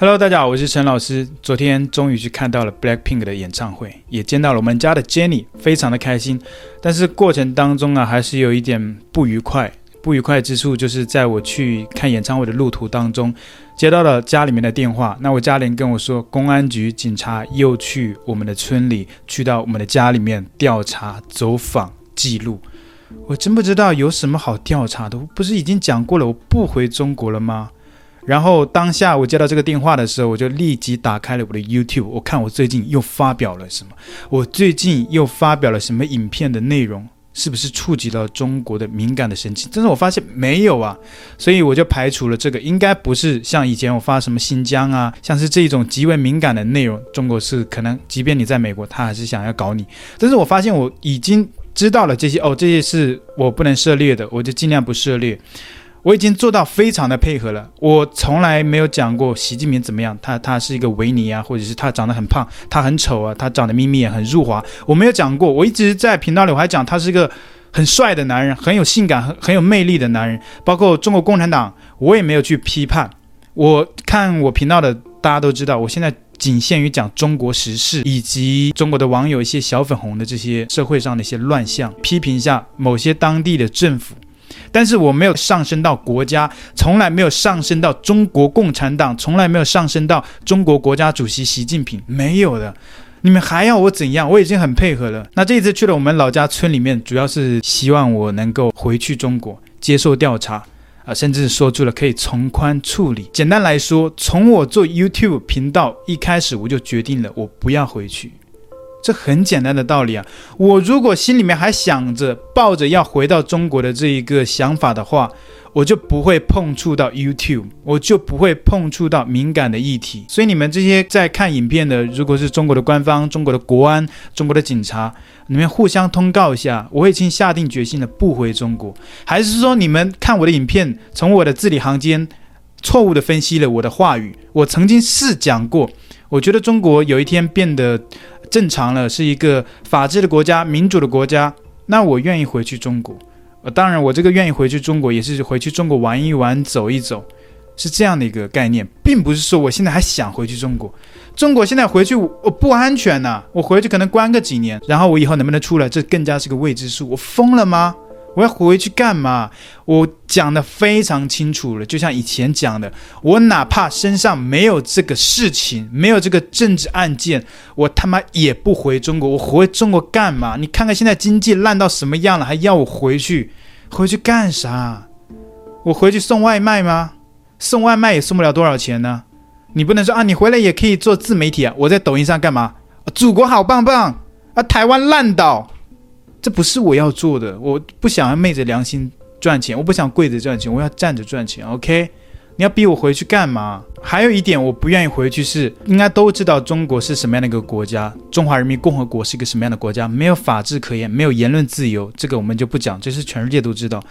Hello，大家好，我是陳老師。昨天終於去看到了 Blackpink 的演唱會，也見到了我們家的 Jennie，非常的開心。但是過程當中啊，還是有一點不愉快。不愉快之處就是在我去看演唱會的路途當中，接到了家裡面的電話。那我家人跟我說，公安局警察又去我們的村裡，去到我們的家裡面調查走訪記錄。我真不知道有什麼好調查的，我不是已經講過了，我不回中國了嗎？然後當下我接到這個電話的時候，我就立即打開了我的 YouTube，我看我最近又發表了什麼，我最近又發表了什麼影片的內容，是不是觸及到中國的敏感的神經？但是我發現沒有啊，所以我就排除了這個，應該不是像以前我發什麼新疆啊，像是這種極為敏感的內容，中國是可能，即便你在美國，他還是想要搞你。但是我發現我已經知道了這些，哦，這些是我不能涉獵的，我就盡量不涉獵。我已經做到非常的配合了。我從來沒有講過習近平怎麼樣，他他是一個維尼啊，或者是他長得很胖，他很醜啊，他長得眯眯眼，很辱華。我沒有講過，我一直在頻道裡我還講他是一個很帥的男人，很有性感，很很有魅力的男人。包括中國共產黨，我也沒有去批判。我看我頻道的大家都知道，我現在僅限於講中國時事以及中國的網友一些小粉紅的這些社會上的一些亂象，批評一下某些當地的政府。但是我沒有上升到國家，從來沒有上升到中國共產黨，從來沒有上升到中國國家主席習近平，沒有的。你們還要我怎樣？我已經很配合了。那這一次去了我們老家村裡面，主要是希望我能夠回去中國接受調查，啊、呃，甚至說出了可以從寬處理。簡單來說，從我做 YouTube 頻道一開始，我就決定了，我不要回去。這很簡單的道理啊！我如果心裡面還想着抱着要回到中國的這一個想法的話，我就不會碰觸到 YouTube，我就不會碰觸到敏感的議題。所以你們這些在看影片的，如果是中國的官方、中國的國安、中國的警察，你們互相通告一下，我已經下定決心了，不回中國。還是說你們看我的影片，從我的字裡行間錯誤的分析了我的話語？我曾經試講過，我覺得中國有一天變得。正常了，是一個法治的國家、民主的國家，那我願意回去中國。呃、哦，當然，我這個願意回去中國，也是回去中國玩一玩、走一走，是這樣的一個概念，並不是說我現在還想回去中國。中國現在回去我不安全呐、啊，我回去可能關個幾年，然後我以後能不能出來，這更加是個未知數。我瘋了嗎？我要回去幹嘛？我，講的非常清楚了，就像以前講的，我哪怕身上沒有這個事情，沒有這個政治案件，我他媽也不回中國。我回中國幹嘛？你看看現在經濟爛到什麼樣了，還要我回去？回去幹啥？我回去送外賣嗎？送外賣也送不了多少錢呢、啊。你不能說啊，你回來也可以做自媒體啊。我在抖音上幹嘛？啊、祖國好棒棒啊！台灣爛島，這不是我要做的，我不想要昧着良心。賺錢，我不想跪着賺錢，我要站着賺錢。OK，你要逼我回去幹嘛？還有一點，我不願意回去是應該都知道中國是什麼樣的一個國家，中華人民共和國是一個什麼樣的國家，沒有法治可言，沒有言論自由，這個我們就不講，這是全世界都知道，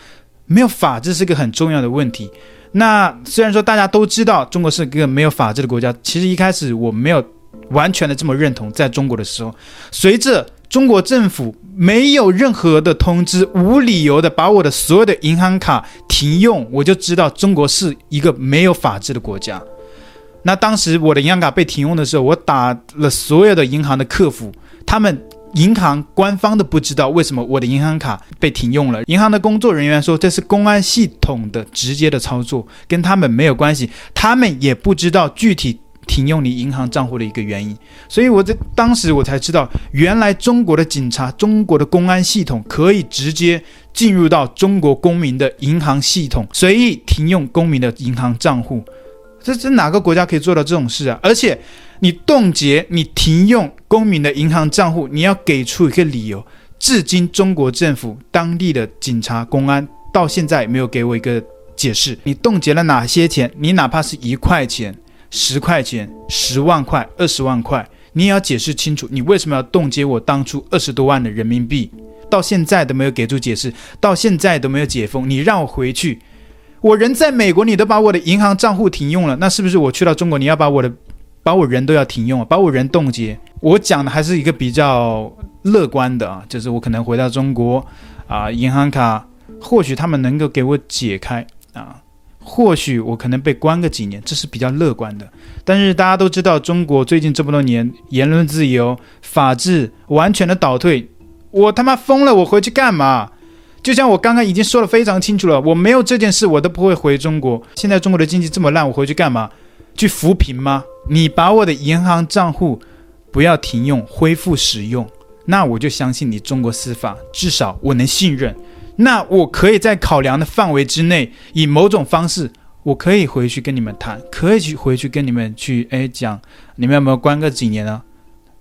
沒有法治是個很重要的問題。那雖然說大家都知道中國是一個沒有法治的國家，其實一開始我沒有完全的這麼認同，在中國的時候，隨着。中國政府沒有任何的通知，無理由的把我的所有的銀行卡停用，我就知道中國是一個沒有法治的國家。那當時我的銀行卡被停用的時候，我打了所有的銀行的客服，他們銀行官方都不知道為什麼我的銀行卡被停用了。銀行的工作人員說，這是公安系統的直接的操作，跟他們沒有關係，他們也不知道具體停用你銀行賬戶的一個原因，所以我在當時我才知道，原來中國的警察、中國的公安系統可以直接進入到中國公民的銀行系統，隨意停用公民的銀行賬戶。這是哪個國家可以做到這種事啊？而且你凍結、你停用公民的銀行賬戶，你要給出一個理由。至今，中國政府、當地的警察、公安到現在沒有給我一個解釋。你凍結了哪些錢？你哪怕是一塊錢。十塊錢、十萬塊、二十萬塊，你也要解釋清楚，你為什麼要凍結我當初二十多萬的人民幣？到現在都沒有給出解釋，到現在都沒有解封。你讓我回去，我人在美國，你都把我的銀行賬戶停用了，那是不是我去到中國，你要把我的，把我人都要停用啊，把我人凍結？我講的還是一個比較樂觀的啊，就是我可能回到中國，啊，銀行卡或許他們能夠給我解開啊。或許我可能被關個幾年，這是比較樂觀的。但是大家都知道，中國最近這麼多年言論自由、法治完全的倒退，我他媽瘋了！我回去幹嘛？就像我剛剛已經說的非常清楚了，我沒有這件事，我都不會回中國。現在中國的經濟這麼爛，我回去幹嘛？去扶貧嗎？你把我的銀行賬戶不要停用，恢復使用，那我就相信你中國司法，至少我能信任。那我可以在考量的範圍之內，以某種方式，我可以回去跟你們談，可以去回去跟你們去哎講，你們有沒有關個幾年呢、啊？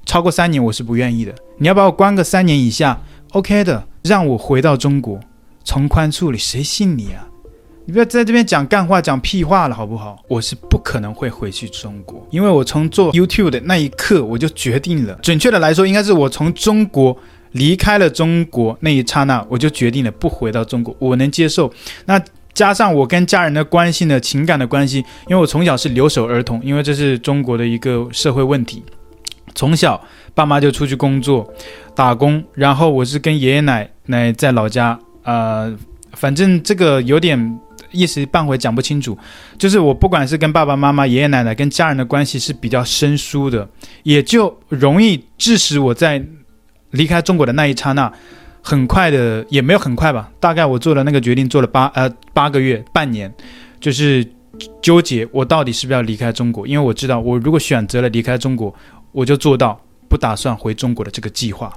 超過三年我是不願意的。你要把我關個三年以下，OK 的，讓我回到中國從寬處理，誰信你啊？你不要在這邊講幹話，講屁話了，好不好？我是不可能會回去中國，因為我從做 YouTube 的那一刻我就決定了，準確的來說，應該是我從中國。離開了中國那一剎那，我就決定了不回到中國。我能接受。那加上我跟家人的關係呢，情感的關係，因為我從小是留守兒童，因為這是中國的一個社會問題。從小爸媽就出去工作打工，然後我是跟爺爺奶奶在老家。呃，反正這個有點一時半會講不清楚。就是我不管是跟爸爸媽媽、爺爺奶奶跟家人的關係是比較生疏的，也就容易致使我在。離開中國的那一剎那，很快的，也沒有很快吧，大概我做了那個決定，做了八呃八個月半年，就是糾結我到底是不是要離開中國，因為我知道我如果選擇了離開中國，我就做到不打算回中國的這個計劃。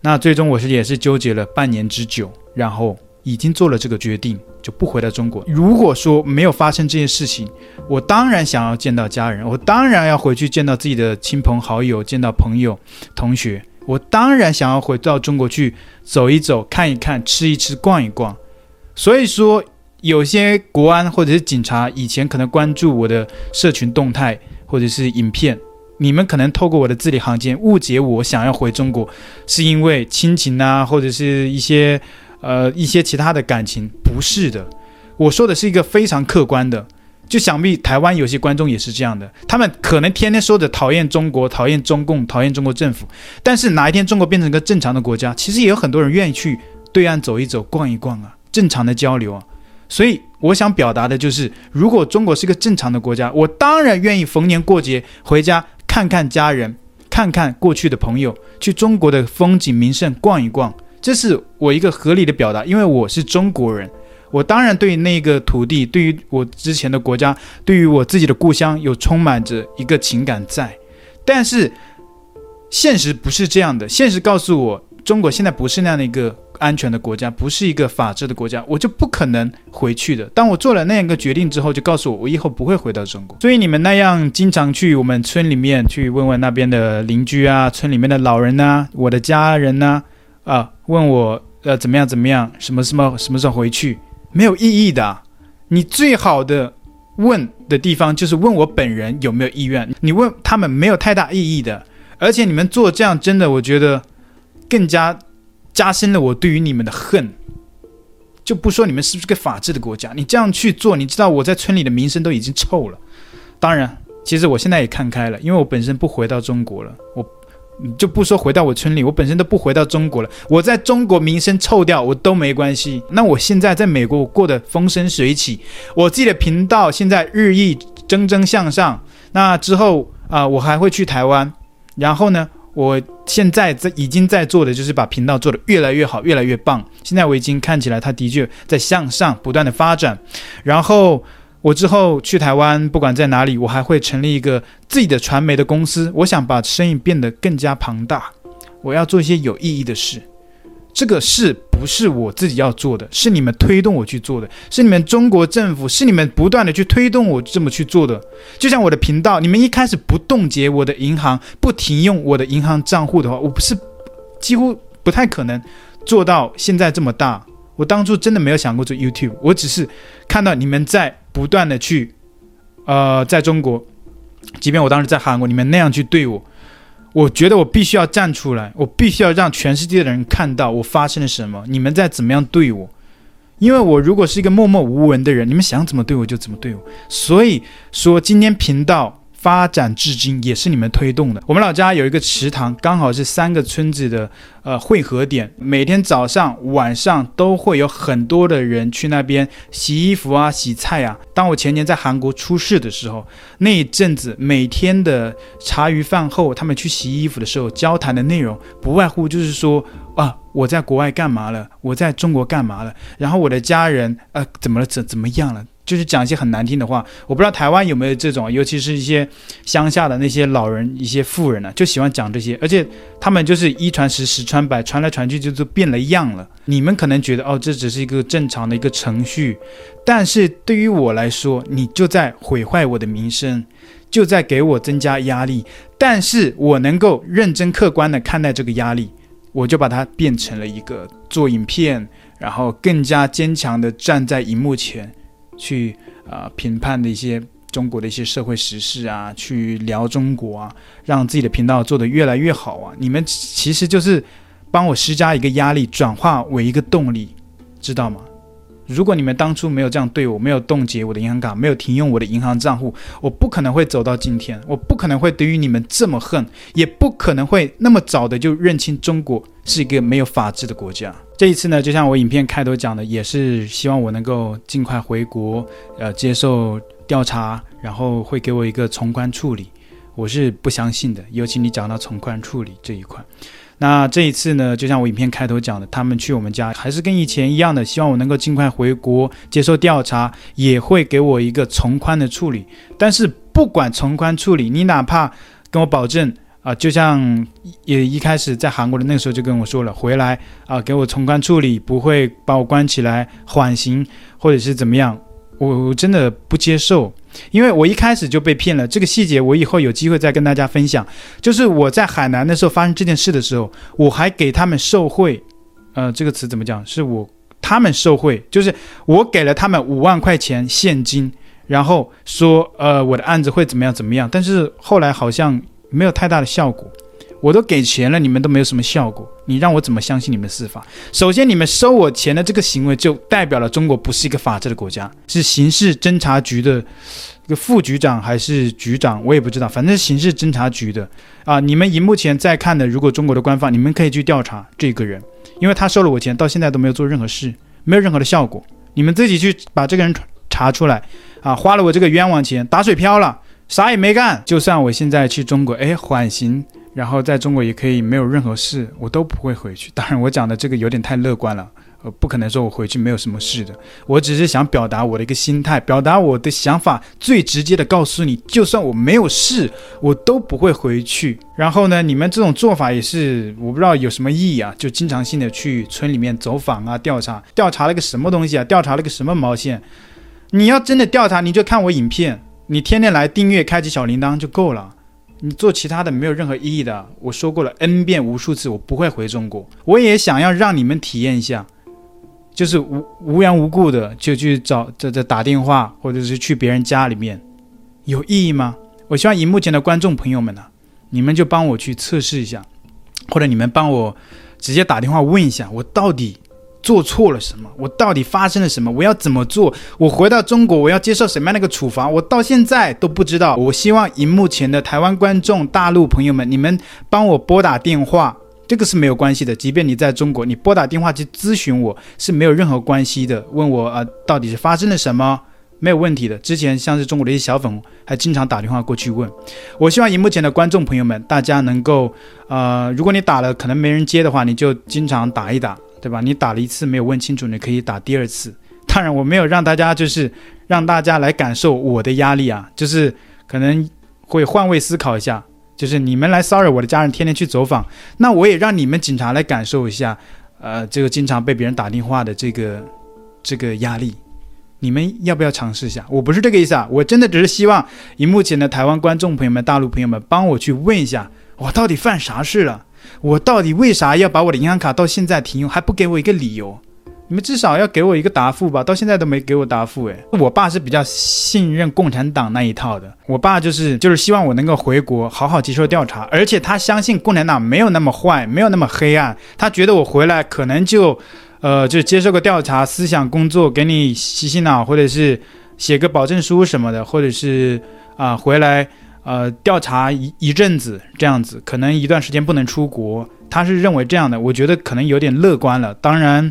那最終我是也是糾結了半年之久，然後已經做了這個決定，就不回到中國。如果說沒有發生這些事情，我當然想要見到家人，我當然要回去見到自己的親朋好友，見到朋友同學。我當然想要回到中國去走一走、看一看、吃一吃、逛一逛，所以說有些國安或者是警察以前可能關注我的社群動態或者是影片，你們可能透過我的字裡行間誤解我想要回中國是因為親情啊，或者是一些呃一些其他的感情，不是的，我說的是一個非常客觀的。就想必台灣有些觀眾也是這樣的，他們可能天天說着討厭中國、討厭中共、討厭中國政府，但是哪一天中國變成一個正常的國家，其實也有很多人願意去對岸走一走、逛一逛啊，正常的交流啊。所以我想表達的就是，如果中國是個正常的國家，我當然願意逢年過節回家看看家人，看看過去的朋友，去中國的風景名勝逛一逛，這是我一個合理的表達，因為我是中國人。我當然對那個土地，對於我之前的國家，對於我自己的故鄉，有充滿着一個情感在。但是，現實不是這樣的。現實告訴我，中國現在不是那樣的一個安全的國家，不是一個法治的國家，我就不可能回去的。當我做了那樣一個決定之後，就告訴我，我以後不會回到中國。所以你們那樣經常去我們村裡面去問問那邊的鄰居啊，村裡面的老人吶、啊，我的家人吶、啊，啊，問我呃怎麼樣怎麼樣，什麼什麼什麼時候回去？沒有意義的啊，你最好的問的地方就是問我本人有沒有意願。你問他們沒有太大意義的，而且你們做這樣真的，我覺得更加加深了我對於你們的恨。就不說你們是不是個法治的國家，你這樣去做，你知道我在村裡的名聲都已經臭了。當然，其實我現在也看開了，因為我本身不回到中國了，我。就不說回到我村裡，我本身都不回到中國了。我在中國名聲臭掉，我都沒關係。那我現在在美國，我過得風生水起，我自己的頻道現在日益蒸蒸向上。那之後啊、呃，我還會去台灣。然後呢，我現在在已經在做的就是把頻道做得越來越好，越來越棒。現在我已經看起來，它的確在向上不斷的發展。然後。我之後去台灣，不管在哪裡，我還會成立一個自己的傳媒的公司。我想把生意變得更加龐大，我要做一些有意義的事。這個事不是我自己要做的，是你們推動我去做的，是你們中國政府，是你們不斷的去推動我這麼去做的。就像我的頻道，你們一開始不凍結我的銀行，不停用我的銀行賬戶的話，我不是幾乎不太可能做到現在這麼大。我當初真的沒有想過做 YouTube，我只是看到你們在。不斷的去，呃，在中國，即便我當時在韓國，你們那樣去對我，我覺得我必須要站出來，我必須要讓全世界的人看到我發生了什麼，你們在怎麼樣對我，因為我如果是一個默默無聞的人，你們想怎麼對我就怎麼對我，所以說今天頻道。發展至今也是你們推動的。我們老家有一個池塘，剛好是三個村子的呃匯合點，每天早上晚上都會有很多的人去那邊洗衣服啊、洗菜啊。當我前年在韓國出事的時候，那一陣子每天的茶餘飯後，他們去洗衣服的時候，交談的內容不外乎就是說啊，我在國外幹嘛了，我在中國幹嘛了，然後我的家人啊、呃、怎麼了怎麼怎麼樣了。就是講一些很難聽的話，我不知道台灣有沒有這種，尤其是一些鄉下的那些老人、一些富人呢、啊，就喜歡講這些，而且他們就是一傳十，十傳百，傳來傳去就都變了樣了。你們可能覺得哦，這只是一個正常的一個程序，但是對於我來說，你就在毀壞我的名聲，就在給我增加壓力。但是我能夠認真客觀地看待這個壓力，我就把它變成了一個做影片，然後更加堅強地站在熒幕前。去啊，呃，評判的一些中國的一些社會時事啊，去聊中國啊，讓自己的頻道做得越來越好啊！你們其實就是幫我施加一個壓力，轉化為一個動力，知道嗎？如果你們當初沒有這樣對我，沒有凍結我的銀行卡，沒有停用我的銀行賬戶，我不可能會走到今天，我不可能會對於你們這麼恨，也不可能會那麼早的就認清中國是一個沒有法治的國家。這一次呢，就像我影片開頭講的，也是希望我能夠盡快回國，呃，接受調查，然後會給我一個從寬處理，我是不相信的。尤其你講到從寬處理這一塊。那這一次呢，就像我影片開頭講的，他們去我們家還是跟以前一樣的，希望我能夠盡快回國接受調查，也會給我一個從寬的處理。但是不管從寬處理，你哪怕跟我保證啊、呃，就像也一開始在韓國的那個時候就跟我說了，回來啊、呃、給我從寬處理，不會把我關起來、緩刑或者是怎麼樣，我，我真的不接受。因為我一開始就被騙了，這個細節我以後有機會再跟大家分享。就是我在海南的時候發生這件事的時候，我還給他們受賄，呃，這個詞怎麼講？是我他們受賄，就是我給了他們五萬塊錢現金，然後說，呃，我的案子會怎麼樣怎麼樣。但是後來好像沒有太大的效果。我都給錢了，你們都沒有什麼效果，你讓我怎麼相信你們司法？首先，你們收我錢的這個行為就代表了中國不是一個法治的國家。是刑事偵查局的一個副局長還是局長，我也不知道。反正是刑事偵查局的啊，你們螢幕前在看的，如果中國的官方，你們可以去調查這個人，因為他收了我錢，到現在都沒有做任何事，沒有任何的效果。你們自己去把這個人查出來啊！花了我這個冤枉錢，打水漂了，啥也沒幹。就算我現在去中國，哎，緩刑。然後在中國也可以沒有任何事，我都不會回去。當然，我講的這個有點太樂觀了，呃，不可能說我回去沒有什麼事的。我只是想表達我的一個心態，表達我的想法，最直接的告訴你，就算我沒有事，我都不會回去。然後呢，你們這種做法也是，我不知道有什麼意義啊，就經常性的去村裡面走訪啊，調查，調查了個什麼東西啊？調查了個什麼毛線？你要真的調查，你就看我影片，你天天來訂閱，開啟小鈴鐺就夠了。你做其他的沒有任何意義的啊，我說過了 n 遍，無數次，我不會回中國，我也想要讓你們體驗一下，就是無無緣無故的就去找這這打，打電話，或者是去別人家裡面，有意義嗎？我希望熒幕前的觀眾朋友們呢啊，你們就幫我去測試一下，或者你們幫我直接打電話問一下，我到底。做錯了什麼？我到底發生了什麼？我要怎麼做？我回到中國，我要接受什麼樣的一個處罰？我到現在都不知道。我希望熒幕前的台灣觀眾、大陸朋友們，你們幫我撥打電話，這個是沒有關係的。即便你在中國，你撥打電話去諮詢我是沒有任何關係的。問我啊、呃，到底是發生了什麼？沒有問題的。之前像是中國的一些小粉紅還經常打電話過去問。我希望熒幕前的觀眾朋友們，大家能夠呃，如果你打了可能沒人接的話，你就經常打一打。對吧？你打了一次沒有問清楚，你可以打第二次。當然，我沒有讓大家就是讓大家來感受我的壓力啊，就是可能會換位思考一下，就是你們來騷擾我的家人，天天去走訪，那我也讓你們警察來感受一下，呃，這個經常被別人打電話的這個這個壓力，你們要不要嘗試一下？我不是這個意思啊，我真的只是希望，熒幕前的台灣觀眾朋友們、大陸朋友們，幫我去問一下，我到底犯啥事了？我到底為啥要把我的銀行卡到現在停用，還不給我一個理由？你們至少要給我一個答覆吧！到現在都沒給我答覆，誒，我爸是比較信任共產黨那一套的，我爸就是就是希望我能夠回國，好好接受調查，而且他相信共產黨沒有那麼壞，沒有那麼黑暗，他覺得我回來可能就，呃，就接受個調查，思想工作，給你洗洗腦，或者是寫個保證書什麼的，或者是啊、呃、回來。呃，調查一一陣子這樣子，可能一段時間不能出國。他是認為這樣的，我覺得可能有點樂觀了。當然，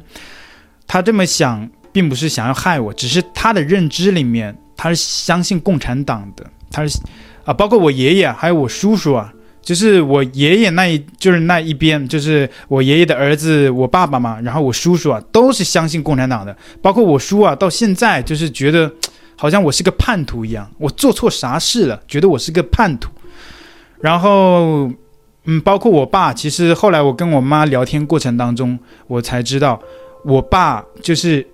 他這麼想，並不是想要害我，只是他的認知裡面，他是相信共產黨的。他是啊、呃，包括我爺爺還有我叔叔啊，就是我爺爺那一就是那一邊，就是我爺爺的兒子，我爸爸嘛，然後我叔叔啊，都是相信共產黨的。包括我叔啊，到現在就是覺得。好像我是個叛徒一樣，我做錯啥事了？覺得我是個叛徒。然後，嗯，包括我爸，其實後來我跟我媽聊天過程當中，我才知道，我爸就是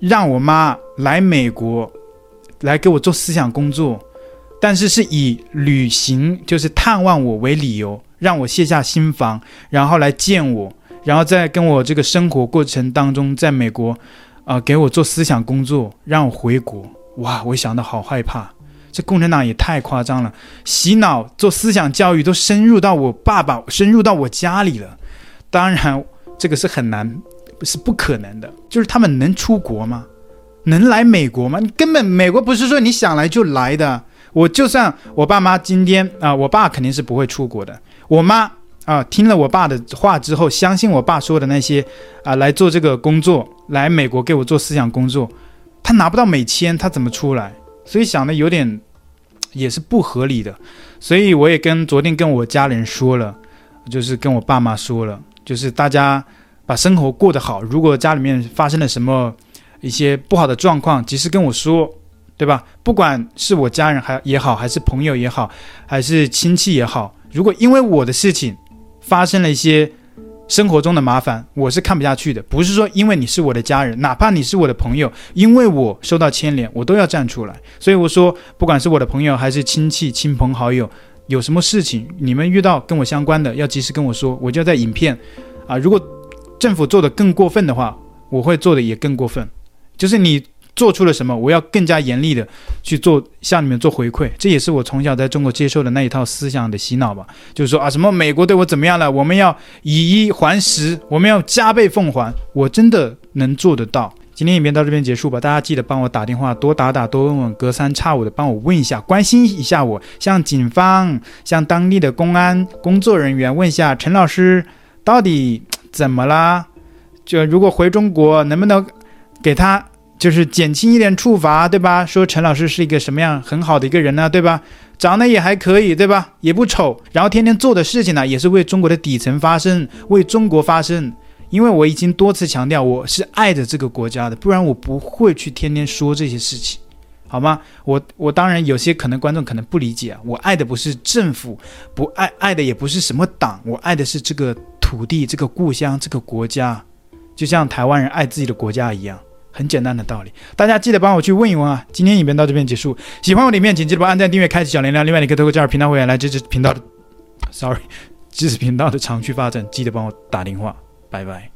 讓我媽來美國，來給我做思想工作，但是是以旅行就是探望我為理由，讓我卸下心防，然後來見我，然後在跟我這個生活過程當中，在美國，啊、呃，給我做思想工作，讓我回國。哇，我想到好害怕，這共產黨也太誇張了，洗腦、做思想教育都深入到我爸爸，深入到我家裡了。當然，這個是很難，不是不可能的。就是他們能出國嗎？能來美國嗎？根本美國不是說你想來就來的。我就算我爸媽今天啊、呃，我爸肯定是不會出國的。我媽啊、呃，聽了我爸的話之後，相信我爸說的那些，啊、呃，來做這個工作，來美國給我做思想工作。他拿不到美簽，他怎麼出來？所以想的有點，也是不合理的。所以我也跟昨天跟我家人說了，就是跟我爸媽說了，就是大家把生活過得好。如果家裡面發生了什麼一些不好的狀況，及時跟我說，對吧？不管是我家人還也好，還是朋友也好，還是親戚也好，如果因為我的事情發生了一些。生活中的麻煩我是看不下去的，不是說因為你是我的家人，哪怕你是我的朋友，因為我受到牽連，我都要站出來。所以我說，不管是我的朋友還是親戚、親朋好友，有什麼事情你們遇到跟我相關的，要及時跟我說，我就在影片。啊，如果政府做得更過分的話，我會做得也更過分，就是你。做出了什麼？我要更加嚴厲的去做，向你們做回饋。這也是我從小在中國接受的那一套思想的洗腦吧。就是說啊，什麼美國對我怎麼樣了？我們要以一還十，我們要加倍奉還。我真的能做得到。今天影片到這邊結束吧。大家記得幫我打電話，多打打，多問問，隔三差五的幫我問一下，關心一下我。向警方、向當地的公安工作人員問一下，陳老師到底怎麼啦？就如果回中國，能不能給他？就是減輕一點處罰，對吧？說陳老師是一個什麼樣很好的一個人呢、啊，對吧？長得也還可以，對吧？也不醜，然後天天做的事情呢，也是為中國的底層發聲，為中國發聲。因為我已經多次強調，我是愛着這個國家的，不然我不會去天天說這些事情，好嗎？我我當然有些可能觀眾可能不理解，我愛的不是政府，不愛愛的也不是什麼黨，我愛的是這個土地、這個故鄉、這個國家，就像台灣人愛自己的國家一樣。很簡單的道理，大家記得幫我去問一問啊！今天影片到這邊結束，喜歡我的影片，請記得把按讚、訂閱、開啟小鈴鐺，另外你可以透過加入頻道會員來支持頻道的。Sorry，支持頻道的長期發展，記得幫我打電話，拜拜。